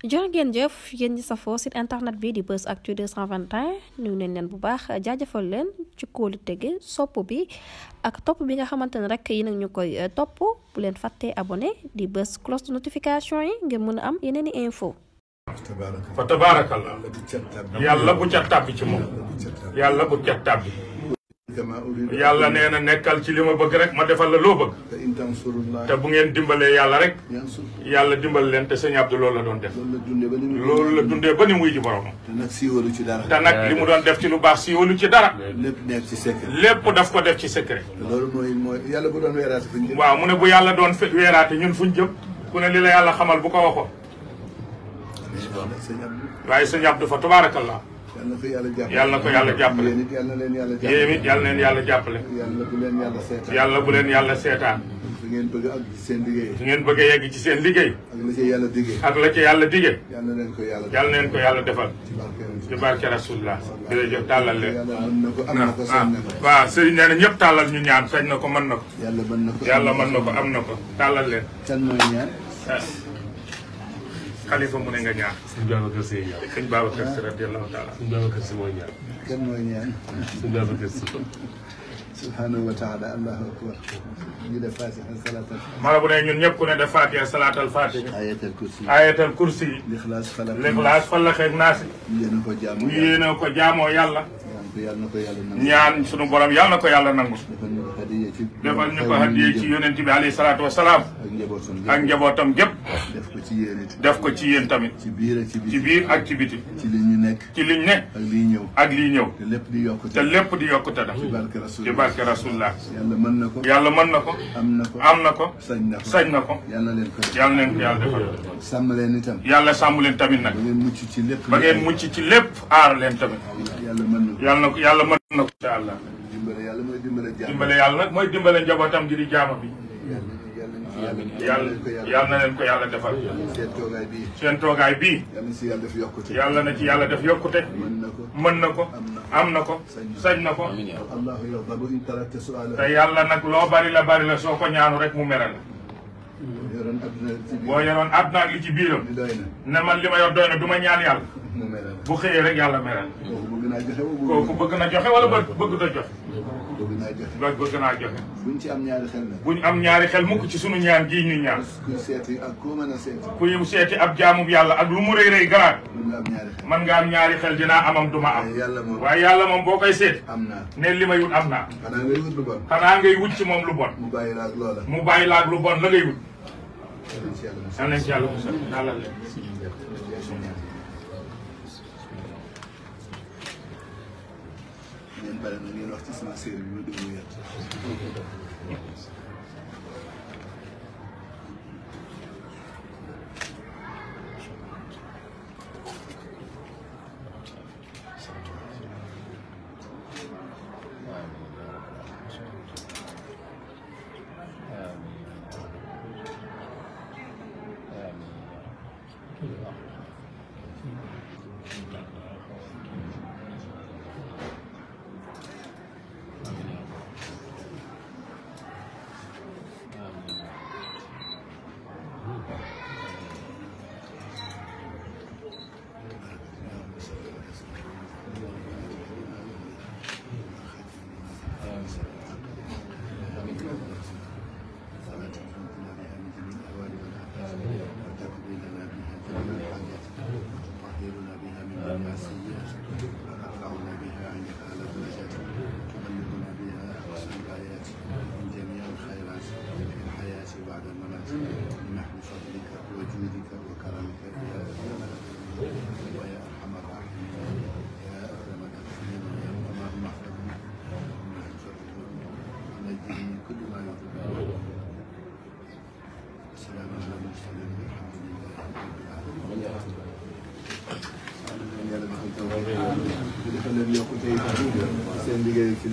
jërë ngeen jëf yéen ñi safoo site internet bi di Buzz Actu 221 nuyu nañ leen bu baax jaajëfal leen ci kóolu tege sopp bi ak topp bi nga xamante ne rek yi nag ñu koy euh, topp bu leen fàttee abone di bës cloche de notification yi ngir mën a am yeneen i info fa tabaarakallah yàlla bu ca tàbbi ci moom yàlla bu ca tàbbi yàlla nee na nekkal ci li ma bëgg rek ma defal la loo bëgg te bu ngeen dimbalee yàlla rek yàlla dimbal leen te sëñ Abdou loolu la doon def loolu la dundee ba ni muy ji borom te nag siiwalu ci dara te nag li mu doon def ci lu baax si siiwalu ci dara lépp nekk ci secret lépp daf ko def ci secret loolu mooy yàlla bu doon weeraate fu ñu jëm waaw mu ne bu yàlla doon weeraate ñun fu ñu jëm ku ne li la yàlla xamal bu ko waxoon waaye sëñ Abdou fa tabaarakallah yàlla na ko yàlla jàppale yàlla na ko yàlla jàppale. yéen it yàlla na leen yàlla jàppale yéen it yàlla na leen yàlla jàppale. yàlla bu leen yàlla seetaan yàlla leen yàlla seetaan. su ngeen bëgg seen liggéey. ngeen bëgg a yegg ci seen liggéey. ak la ca yàlla diggee. la yàlla diggee. yàlla leen ko yàlla yàlla na leen ko yàlla defal. ci la rasulullah. jërëjëf tàllal leen. yàlla mën na ko ah, ah, ah. ñëpp tàllal ñu ñaan sañ na ko man na ko. yàlla mën na ko yàlla na ko am na ko tàllal leen. kan mooy ñaan xalifa mu ne nga ñaar. sëñ Babacar Sy ñaar. sëñ Babacar Sy radiyallahu taala. sëñ Babacar Sy mooy ñaar. kan mooy ñaar. sëñ Babacar Sy. subhanahu wa taala allahu akbar ñu def fatiha salatal mala bu ne ñun ñëpp ku ne def fatiha salatal fatiha ayatal kursi ayatal kursi lixlaas falax lixlaas falax ak naasi yéen a ko jaamoo yàlla ñaan sunu borom yàlla na ko yàlla nangu. defal ñu ko hadiye ci yonent bi alayhi salaatu wa salaam. ak njabootam gépp def ko ci yéen def ko ci yéen tamit. ci biir activité ci li ñu nekk. ci li ñu nekk. ñëw ak liy ñëw. lépp di yokkute te lépp di yokkute da. ci barke rasulullah yàlla mën na ko yàlla mën na ko. am na ko am na ko. sañ na ko sañ na ko. yàlla leen ko yàlla leen ko yàlla sàmm leen itam. yàlla sàmm leen tamit nag. ba ngeen mucc ci lépp aar leen tamit yàlla na yàlla mën na ko incha allah. dimbale yàlla mooy dimbale jaam yàlla nag mooy dimbale njabootam ji di jaama bi. yàlla yàlla na leen ko yàlla defal. seen toogaay bii. seen toogaay bii. yàlla na ci yàlla def yokkute. mën na ko mën na ko am na ko sañ na ko. te yàlla nag loo bari la bari la soo ko ñaanu rek mu mere la. boo yoroon àdduna ak li ci biiram. ne li ma yor doy na du ma ñaan yàlla. mu meral bu xëyee rek yàlla meral. kooku bëgg naa joxe wala kooku bëgg joxe wala bëgg da joxe. bëgg naa joxe bëgg naa joxe. ci am ñaari xel nag. buñ am ñaari xel mukk ci sunu ñaan gii ñu ñaan. kuy seeti ak koo mën a seeti. kuy seeti ab jaamub yàlla ak lu mu rëy rëy garaat. mën nga am ñaari xel dinaa amam ma am. waaye yàlla moom boo koy seet. am naa ne li may wut am naa. xanaa ngay wut lu bon. xanaa ngay wut ci moom lu bon. mu bàyyi laag loola. mu bàyyi laag lu bon la ngay wut. yàlla ngeen bale na ngeen wax ci sama séeréer bi ma déglu yàlla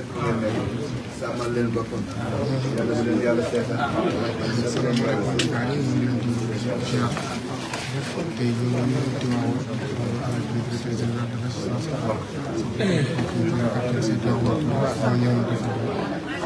lépp lu ngeen nekk sàmmal leen boppam yàlla bu leen yàlla seetaan tey ñu ngi nuyu Tiwaawan ak le président de l'association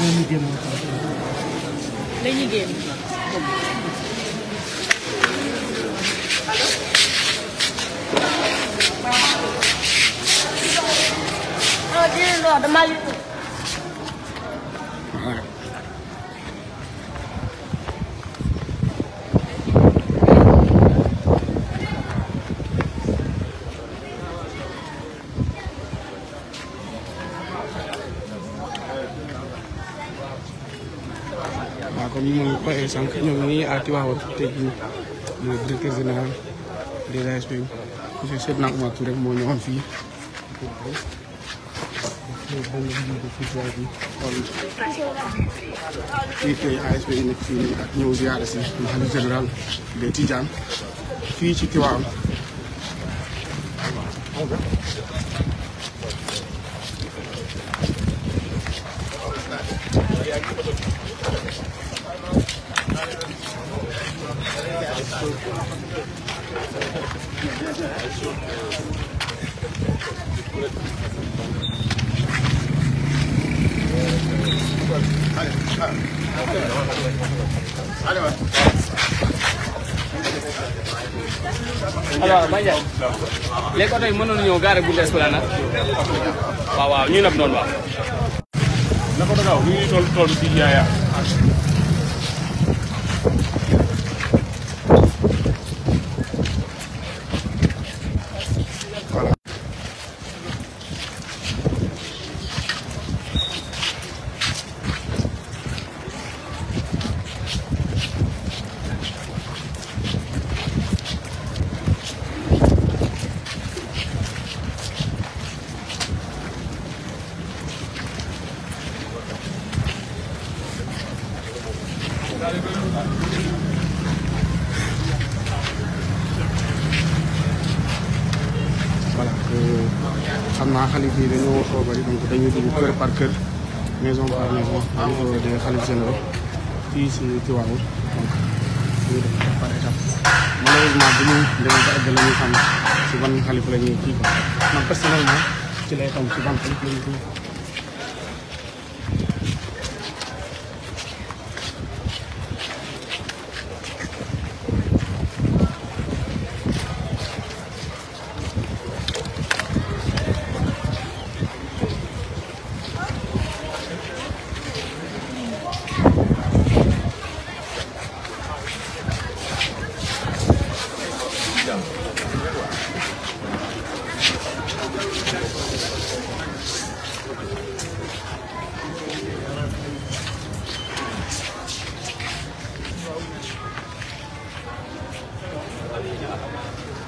dañuy génn. dañuy génn. ah jërëjëf damaa waxee sànq ñoom ñu ngi à Tivaouane tey jii le directeur général des ASP monsieur Seydina Oumar Touré moo ñëwoon fii fii tey ASP yi nekk fii nii ak ñëw ziyaare si le khalife général des Tidianes fii ci Tivaouane alors Baye Ndiaye léegi oto yi mënoon ñëw gaare guddi Esplanade waaw waaw ñu nag noonu waaw. na ko doon gaaw ñu toll toll ci Yaya. xam naa xalif yi dañoo xaw a bëri donc dañuy dugg kër par kër maison par maison donc des xalif généraux fii si donc ñu def ko par étape ñu demee ba egg la ñuy xam si ban xalif la ñuy kii quoi man personnellement ci lay xam si ban xalif la kii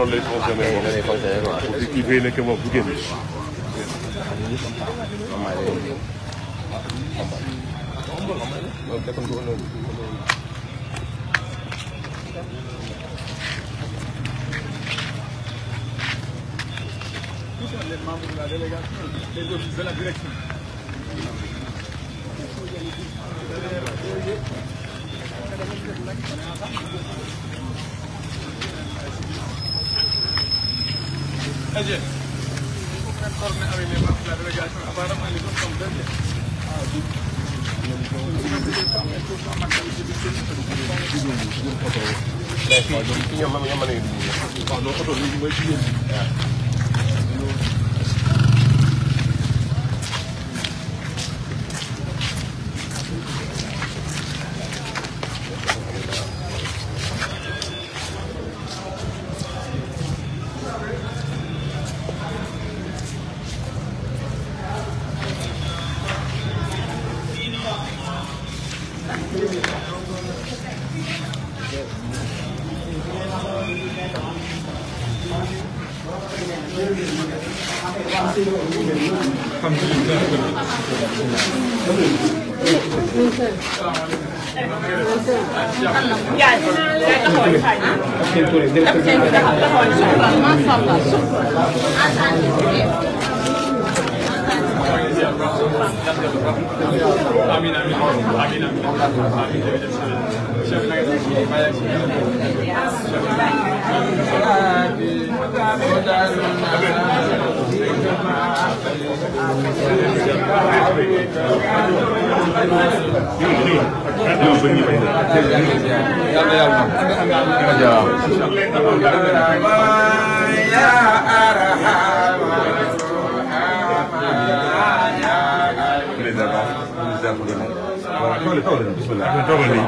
noonu lay fonctionné moom lay fonctionné quoi. pour que kilifa yi nekk moom bu génn. les membres de la délégation, les offices de la direction. waaw amin amin amin amin Yàlla yàlla toog toog leen bisimilah. toogal nañ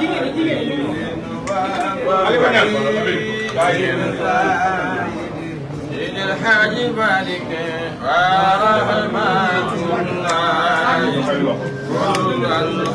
ñu ngi wàññeeku. bisimilah.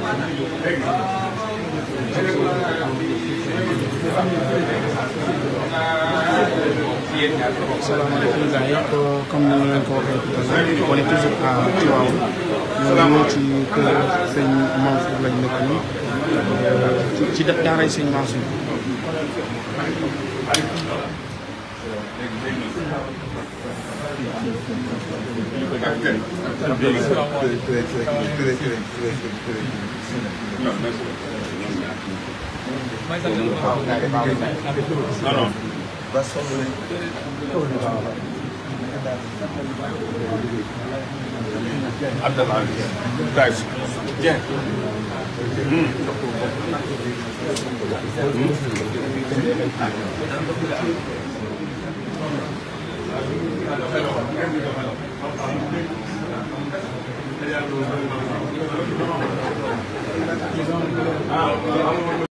salaamaaleykum gars yi comme ni ma leen ko waxee tout à l'heure on est toujours à Tivaouane ñoo ñëw ci kër sëñ Mansour lañ euh, ci daaray sëñ Mansour Non, ba sonn nañ Abdallah Dieng. Dieng.